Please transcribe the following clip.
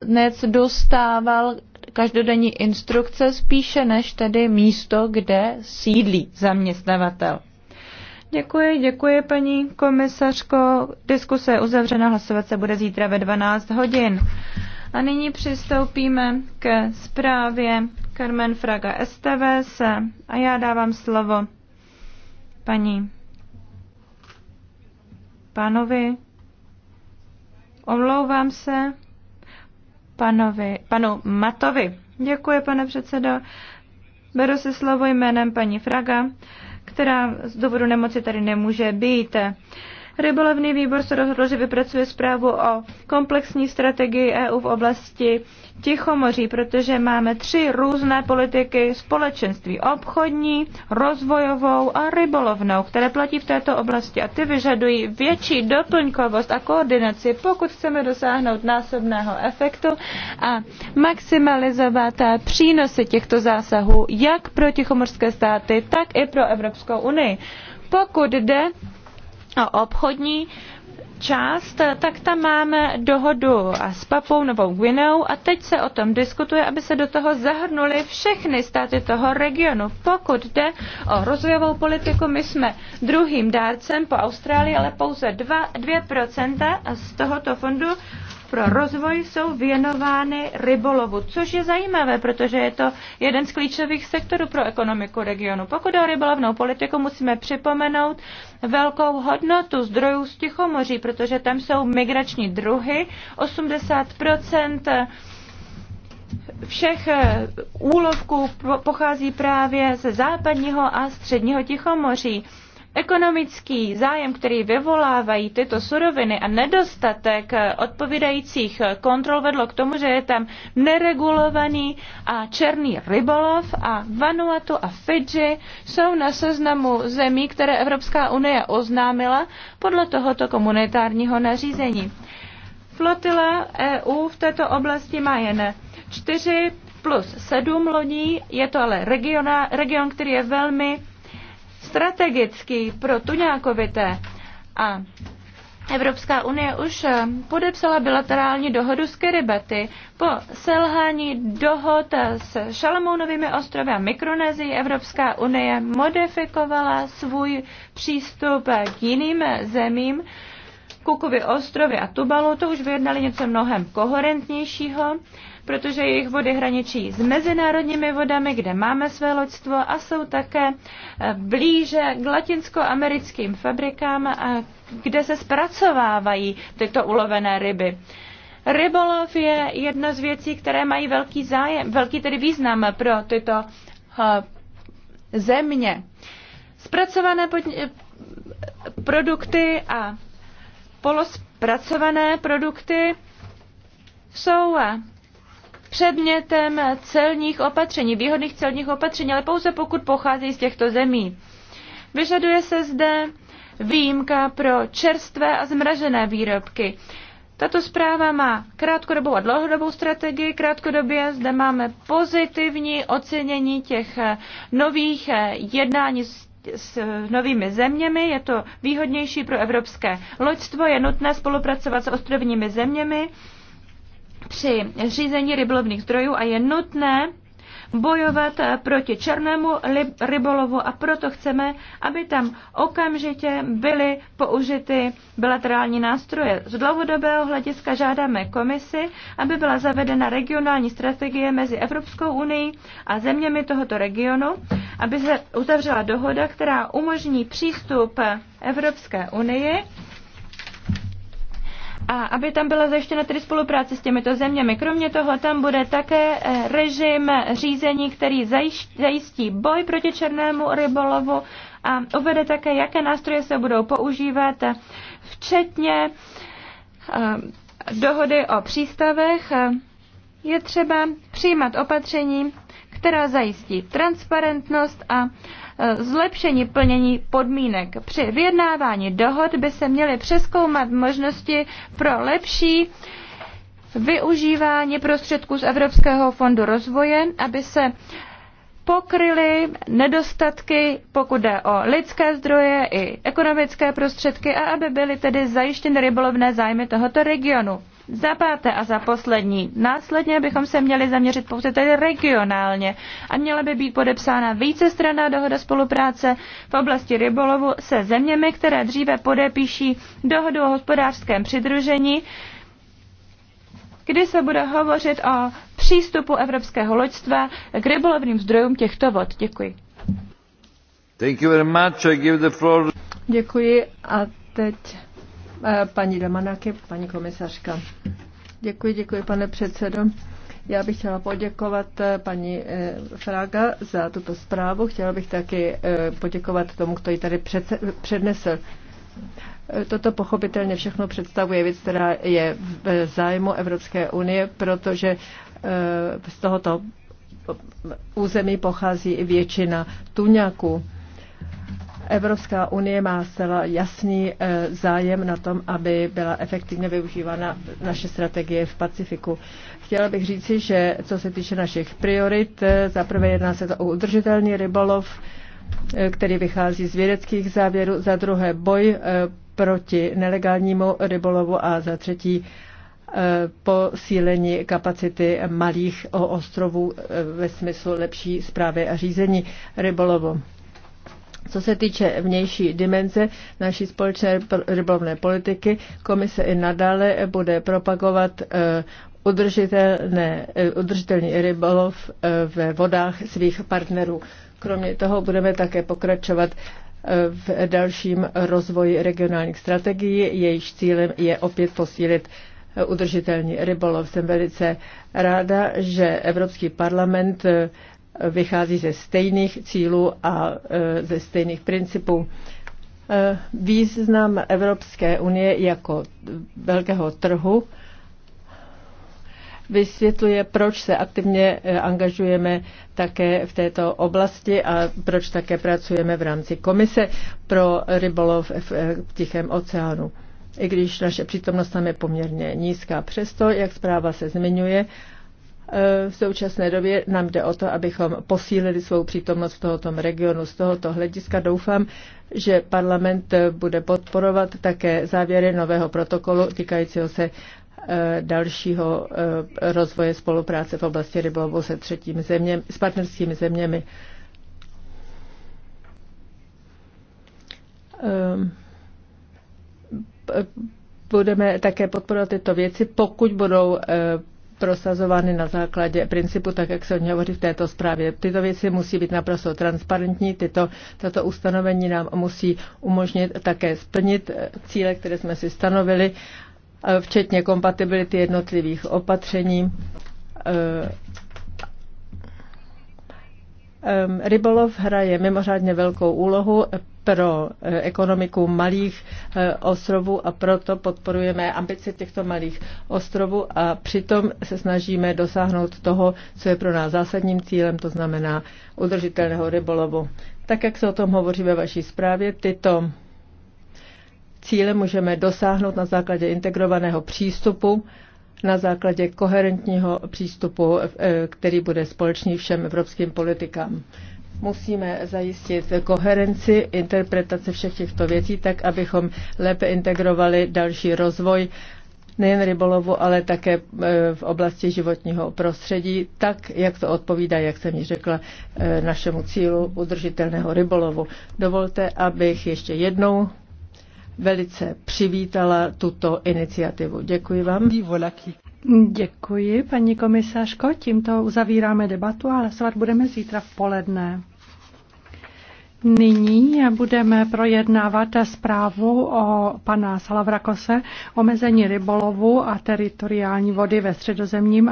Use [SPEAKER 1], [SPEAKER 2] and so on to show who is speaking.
[SPEAKER 1] zaměstnanec dostával každodenní instrukce spíše než tedy místo, kde sídlí zaměstnavatel. Děkuji, děkuji paní komisařko. Diskuse je uzavřena, hlasovat se bude zítra ve 12 hodin. A nyní přistoupíme ke zprávě Carmen Fraga STVS a já dávám slovo paní pánovi. Omlouvám se panovi, panu Matovi. Děkuji, pane předsedo. Beru si slovo jménem paní Fraga, která z důvodu nemoci tady nemůže být. Rybolovný výbor se rozhodl, že vypracuje zprávu o komplexní strategii EU v oblasti Tichomoří, protože máme tři různé politiky společenství obchodní, rozvojovou a rybolovnou, které platí v této oblasti a ty vyžadují větší doplňkovost a koordinaci, pokud chceme dosáhnout násobného efektu a maximalizovat přínosy těchto zásahů jak pro tichomorské státy, tak i pro Evropskou unii. Pokud jde obchodní část, tak tam máme dohodu s Papou Novou Guineou a teď se o tom diskutuje, aby se do toho zahrnuly všechny státy toho regionu. Pokud jde o rozvojovou politiku, my jsme druhým dárcem po Austrálii, ale pouze 2, 2% z tohoto fondu pro rozvoj jsou věnovány rybolovu, což je zajímavé, protože je to jeden z klíčových sektorů pro ekonomiku regionu. Pokud o rybolovnou politiku, musíme připomenout velkou hodnotu zdrojů z Tichomoří, protože tam jsou migrační druhy, 80 všech úlovků pochází právě ze západního a středního Tichomoří. Ekonomický zájem, který vyvolávají tyto suroviny a nedostatek odpovídajících kontrol vedlo k tomu, že je tam neregulovaný a černý rybolov a Vanuatu a Fidži jsou na seznamu zemí, které Evropská unie oznámila podle tohoto komunitárního nařízení. Flotila EU v této oblasti má jen čtyři plus sedm lodí, je to ale regiona, region, který je velmi strategický pro tuňákovité a Evropská unie už eh, podepsala bilaterální dohodu s Kiribati. Po selhání dohod eh, s Šalamounovými ostrovy a Mikronezií Evropská unie modifikovala svůj přístup eh, k jiným zemím, Kukovy ostrovy a Tuvalu, to už vyjednali něco mnohem koherentnějšího, protože jejich vody hraničí s mezinárodními vodami, kde máme své loďstvo a jsou také eh, blíže k latinskoamerickým fabrikám, eh, kde se zpracovávají tyto ulovené ryby. Rybolov je jedna z věcí, které mají velký zájem, velký tedy význam pro tyto eh, země. Zpracované pod, produkty a polospracované produkty jsou předmětem celních opatření, výhodných celních opatření, ale pouze pokud pochází z těchto zemí. Vyžaduje se zde výjimka pro čerstvé a zmražené výrobky. Tato zpráva má krátkodobou a dlouhodobou strategii. Krátkodobě zde máme pozitivní ocenění těch nových jednání s s novými zeměmi, je to výhodnější pro evropské loďstvo, je nutné spolupracovat s ostrovními zeměmi při řízení rybolovných zdrojů a je nutné bojovat proti černému rybolovu a proto chceme, aby tam okamžitě byly použity bilaterální nástroje. Z dlouhodobého hlediska žádáme komisi, aby byla zavedena regionální strategie mezi Evropskou unii a zeměmi tohoto regionu, aby se uzavřela dohoda, která umožní přístup Evropské unii a aby tam byla zajištěna tedy spolupráce s těmito zeměmi. Kromě toho tam bude také eh, režim řízení, který zajistí boj proti černému rybolovu a uvede také, jaké nástroje se budou používat, včetně eh, dohody o přístavech. Je třeba přijímat opatření, která zajistí transparentnost a e, zlepšení plnění podmínek. Při vyjednávání dohod by se měly přeskoumat možnosti pro lepší využívání prostředků z Evropského fondu rozvoje, aby se pokryly nedostatky, pokud jde o lidské zdroje i ekonomické prostředky a aby byly tedy zajištěny rybolovné zájmy tohoto regionu. Za páté a za poslední, následně bychom se měli zaměřit pouze tedy regionálně a měla by být podepsána vícestranná dohoda spolupráce v oblasti rybolovu se zeměmi, které dříve podepíší dohodu o hospodářském přidružení, kdy se bude hovořit o přístupu evropského loďstva k rybolovným zdrojům těchto vod. Děkuji. Thank you very much. I give the floor.
[SPEAKER 2] Děkuji a teď Eh, paní Damanáky, paní komisařka. Děkuji, děkuji, pane předsedo. Já bych chtěla poděkovat eh, paní eh, Fraga za tuto zprávu. Chtěla bych taky poděkovat tomu, kdo ji tady přednesl. Toto pochopitelně všechno představuje věc, která je v zájmu Evropské unie, protože z tohoto území pochází i většina tuňáků. Evropská unie má zcela jasný eh, zájem na tom, aby byla efektivně využívána naše strategie v Pacifiku. Chtěla bych říci, že co se týče našich priorit, eh, zaprvé jedná se to o udržitelný rybolov, eh, který vychází z vědeckých závěrů, za druhé boj proti nelegálnímu rybolovu a za třetí posílení kapacity malých ostrovů ve smyslu lepší zprávy a řízení rybolovu. Co se týče vnější dimenze naší společné rybolovné politiky, komise i nadále bude propagovat eh, eh, udržitelný rybolov eh, ve vodách svých partnerů. Kromě toho budeme také pokračovat v dalším rozvoji regionálních strategií, Jejich cílem je opět posílit udržitelný rybolov. Jsem velice ráda, že Evropský parlament vychází ze stejných cílů a e, ze stejných principů. E, význam Evropské unie jako velkého trhu vysvětluje, proč se aktivně e, angažujeme také v této oblasti a proč také pracujeme v rámci Komise pro rybolov v Tichém oceánu. I když naše přítomnost tam je poměrně nízká, přesto, jak zpráva se zmiňuje, Eh, v současné době nám jde o to, abychom posílili svou přítomnost v tohoto regionu. Z tohoto hlediska doufám, že parlament bude podporovat také závěry nového protokolu týkajícího se eh, dalšího eh, rozvoje spolupráce v oblasti rybolovu se třetími zeměmi, s partnerskými zeměmi. Ehm, budeme také podporovat tyto věci, pokud budou prosazovány na základě principu, tak jak se o ně hovoří v této zprávě. Tyto věci musí být naprosto transparentní, tyto, tato ustanovení nám musí umožnit také splnit eh, cíle, které jsme si stanovili, eh, včetně kompatibility jednotlivých opatření eh, Rybolov hraje mimořádně velkou úlohu pro e, ekonomiku malých e, ostrovů a proto podporujeme ambice těchto malých ostrovů a přitom se snažíme dosáhnout toho, co je pro nás zásadním cílem, to znamená udržitelného rybolovu. Tak, jak se o tom hovoří ve vaší zprávě, tyto cíle můžeme dosáhnout na základě integrovaného přístupu na základě koherentního přístupu, eh, který bude společný všem evropským politikám. Musíme zajistit koherenci interpretace všech těchto věcí tak, abychom lépe integrovali další rozvoj nejen rybolovu, ale také eh, v oblasti životního prostředí, tak, jak to odpovídá, jak jsem ji řekla, eh, našemu cílu udržitelného rybolovu. Dovolte, abych ještě jednou velice přivítala tuto iniciativu. Děkuji vám. Děkuji, paní
[SPEAKER 1] komisařko. Tímto uzavíráme debatu a hlasovat budeme zítra v poledne. Nyní budeme projednávat zprávu o pana Salavrakose, omezení rybolovu a teritoriální vody ve středozemním